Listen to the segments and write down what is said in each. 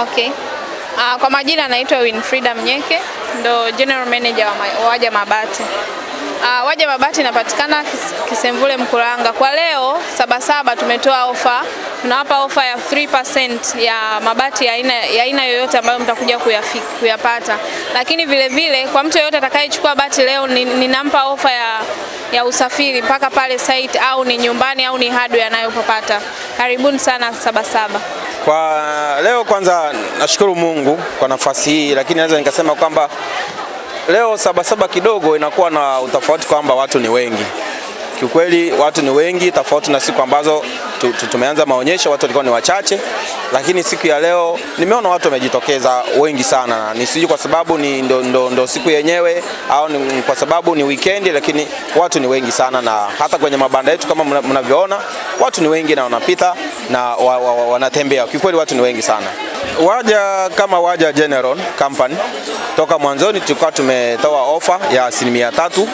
Okay. Uh, kwa majina anaitwa Winfrida Mnyeke, ndo general manager wa Waja Mabati. Uh, Waja Mabati inapatikana Kisemvule Mkuranga. Kwa leo Sabasaba tumetoa ofa, tunawapa ofa ya 3% ya mabati ya aina ya aina yoyote ambayo mtakuja kuyafiki, kuyapata, lakini vile vile kwa mtu yoyote atakayechukua bati leo ninampa ofa ya ya usafiri mpaka pale site au ni nyumbani au ni hardware anayopapata. Karibuni sana Sabasaba. Kwa leo kwanza nashukuru Mungu kwa nafasi hii, lakini naweza nikasema kwamba leo Sabasaba kidogo inakuwa na utofauti kwamba watu ni wengi. Kiukweli watu ni wengi, tofauti na siku ambazo tumeanza maonyesho, watu walikuwa ni wachache, lakini siku ya leo nimeona watu wamejitokeza wengi sana. Nisijui kwa sababu ni ndo, ndo, ndo siku yenyewe au ni kwa sababu ni weekend, lakini watu ni wengi sana, na hata kwenye mabanda yetu kama mnavyoona watu ni wengi na wanapita na wa, wa, wa, wanatembea. kiukweli watu ni wengi sana. Waja kama Waja General Company toka mwanzoni tulikuwa tumetoa ofa ya asilimia tatu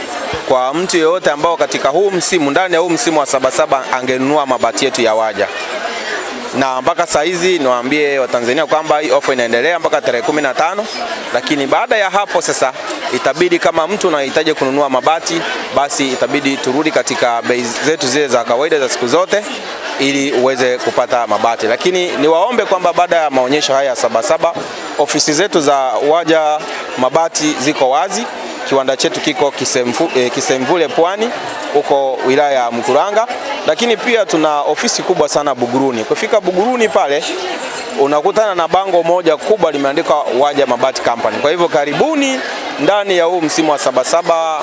kwa mtu yeyote ambao katika huu msimu ndani ya huu msimu wa Sabasaba angenunua mabati yetu ya waja na mpaka saa hizi niwaambie Watanzania kwamba hii ofa inaendelea mpaka tarehe kumi na tano, lakini baada ya hapo sasa itabidi kama mtu unahitaji kununua mabati basi itabidi turudi katika bei zetu zile za kawaida za siku zote ili uweze kupata mabati. Lakini niwaombe kwamba baada ya maonyesho haya ya Sabasaba, ofisi zetu za waja mabati ziko wazi. Kiwanda chetu kiko Kisemvu, eh, Kisemvule Pwani huko wilaya ya Mkuranga, lakini pia tuna ofisi kubwa sana Buguruni. Kufika Buguruni pale unakutana na bango moja kubwa limeandikwa Waja Mabati Company. Kwa hivyo karibuni ndani ya huu msimu wa Sabasaba.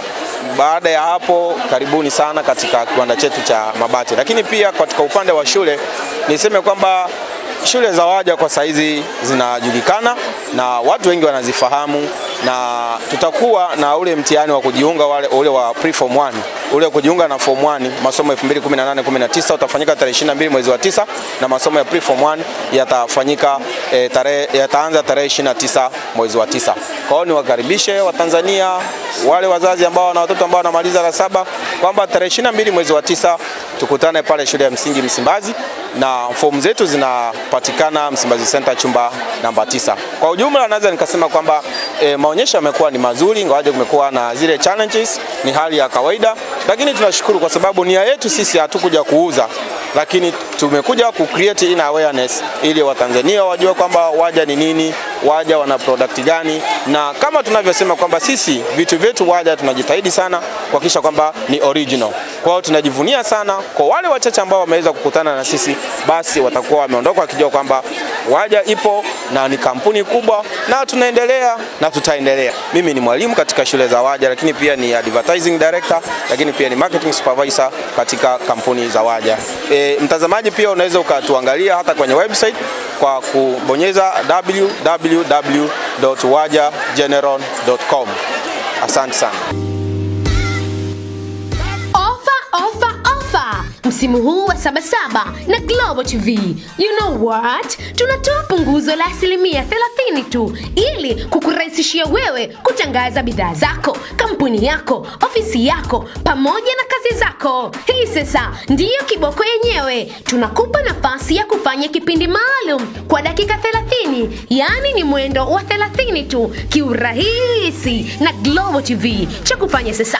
Baada ya hapo, karibuni sana katika kiwanda chetu cha mabati. Lakini pia katika upande wa shule niseme kwamba shule za waja kwa saizi zinajulikana na watu wengi wanazifahamu na tutakuwa na ule mtihani wa kujiunga wale ule wa pre form 1 ule kujiunga na form 1 masomo 2018 19 utafanyika tarehe 22 mwezi wa 9 na masomo ya pre form 1 yatafanyika e, tarehe yataanza tarehe 29 mwezi wa 9. Kwa hiyo niwakaribishe Watanzania wale wazazi ambao wana watoto ambao wanamaliza la saba kwamba tarehe 22 mwezi wa 9 tukutane pale shule ya msingi Msimbazi na fomu zetu zinapatikana Msimbazi Center chumba namba 9. Kwa ujumla naweza nikasema kwamba e, maonyesho yamekuwa ni mazuri, ingawaje kumekuwa na zile challenges, ni hali ya kawaida, lakini tunashukuru kwa sababu nia yetu sisi hatukuja kuuza, lakini tumekuja ku create in awareness ili Watanzania wajue kwamba waja ni nini, waja wana product gani, na kama tunavyosema kwamba sisi vitu vyetu waja tunajitahidi sana kuhakikisha kwamba ni original. Kwa hiyo tunajivunia sana kwa wale wachache ambao wameweza kukutana na sisi, basi watakuwa wameondoka wakijua kwamba Waja ipo na ni kampuni kubwa, na tunaendelea na tutaendelea. Mimi ni mwalimu katika shule za Waja, lakini pia ni advertising director, lakini pia ni marketing supervisor katika kampuni za Waja. E, mtazamaji pia unaweza ukatuangalia hata kwenye website kwa kubonyeza www.wajageneral.com. Asante sana. msimu huu wa Sabasaba na Global TV. You know what? Tunatoa punguzo la asilimia 30 tu ili kukurahisishia wewe kutangaza bidhaa zako, kampuni yako, ofisi yako pamoja na kazi zako. Hii sasa ndiyo kiboko yenyewe. Tunakupa nafasi ya kufanya kipindi maalum kwa dakika 30, yaani ni mwendo wa 30 tu kiurahisi na Global TV. Cha kufanya sasa